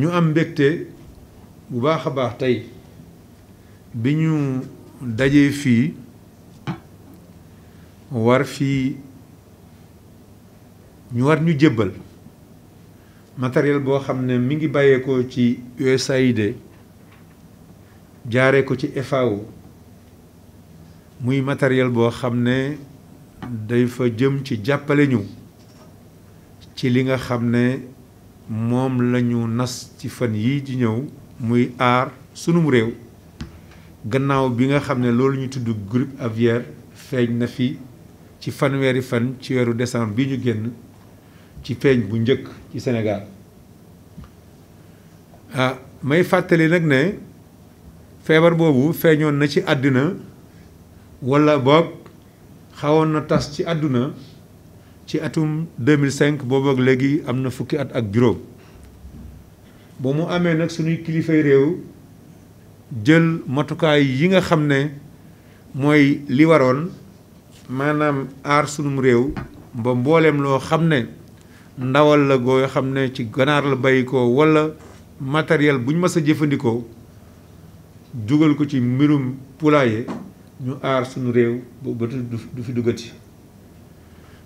ñu am mbégte bu baax a baax tey bi ñu dajee fii war fii ñu war ñu jébbal matériel boo xam ne mi ngi bàyyeekoo ci USAID jaaree ko ci FAO muy matériel boo xam ne day fa jëm ci jàppale ñu ci li nga xam ne moom lañu nas ci fan yii di ñëw muy aar sunum réew gannaaw bi nga xam ne loolu ñu tudd grippe aviaire feeñ na fi ci fanweeri fan ci weeru décembre bi ñu génn ci feeñ bu njëkk ci Sénégal ah may fàttali nag ne feebar boobu feeñoon na ci àddina walla boog xawoon na tas ci àdduna ci atum 2005 boobu ak léegi am na fukki at ak juróom ba mu amee nag suñuy kilifay réew jël matukaay yi nga xam ne mooy li waroon maanaam aar sunum réew ba mbooleem loo xam ne ndawal la goo xam ne ci ganaar la bàyyi ko wala matériel bu ñu mës a jëfandikoo jugal ko ci mbirum poulailler ñu aar sunu réew ba du fi duggati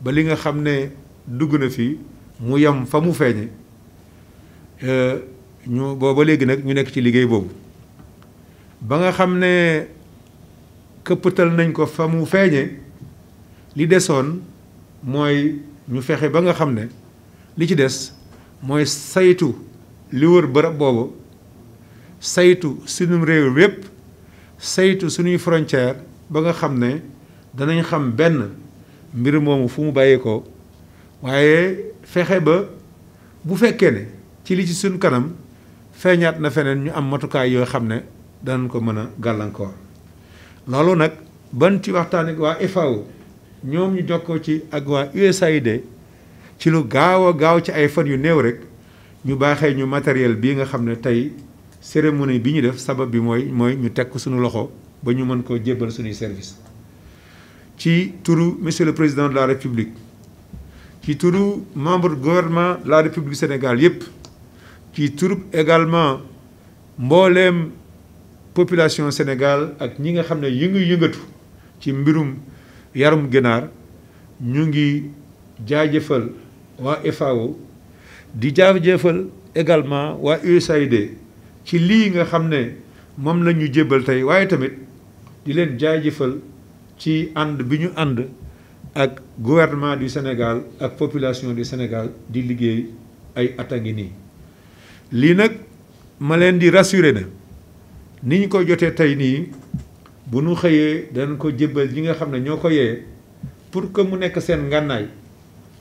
ba li nga xam ne dugg na fii mu yam fa mu feeñe euh, ñu booba léegi nag ñu nekk ci liggéey boobu ba nga xam ne këppatal nañ ko fa mu feeñe li desoon mooy ñu fexe ba nga xam ne li ci des mooy saytu li wër bërëb saytu suñu réew yépp saytu suñuy frontière ba nga xam ne danañ xam benn mbir moomu fu mu bàyyeekoo waaye fexe ba bu fekkee ne ci li ci suñ kanam feeñaat na feneen ñu am matukaay yoo xam ne danañ ko mën a gàllankoor loolu nag ban ci waxtaan waa FAO ñoom ñu ko ci ak waa USAID ci lu gaaw a gaaw ci ay fan yu néew rek ñu baaxee ñu matériel bii nga xam ne tey cérémonie bi ñu def sabab bi mooy mooy ñu teg ko suñu loxo ba ñu mën koo jébbal suñuy service ci turu monsieur le président de la république ci turu membre gouvernement de la république Sénégal yep ci turu également mbollem population Sénégal ak ñi nga xamné ne yëngu yëngatu ci mbirum yarum ginaar ñu ngi jaajëfal wa FAO di jaajëfal également wa USAID ci li nga xamné mom lañu la tay waye tamit di len jaajëfal ci ànd bi ñu ànd ak gouvernement du Sénégal ak population du Sénégal di liggéey ay at a ngi nii lii nag ma leen di rassurer na ni ñu ko jotee tey nii bu nu xëyee danañ ko jébbal ñi nga xam ne ñoo ko yee pour que mu nekk seen ngànnaay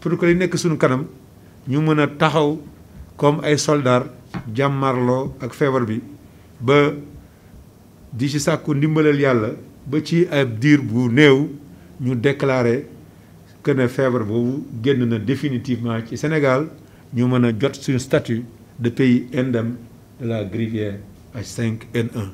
pour que li nekk suñu kanam ñu mën a taxaw comme ay soldats jàmmarloo ak feebar bi ba di ci sàkku ndimbalal yàlla ba ci ab diir bu néew ñu que ne fièvre boobu génn na définitivement ci Sénégal Nous mën a statut de pays indemne de la grivière H5N1.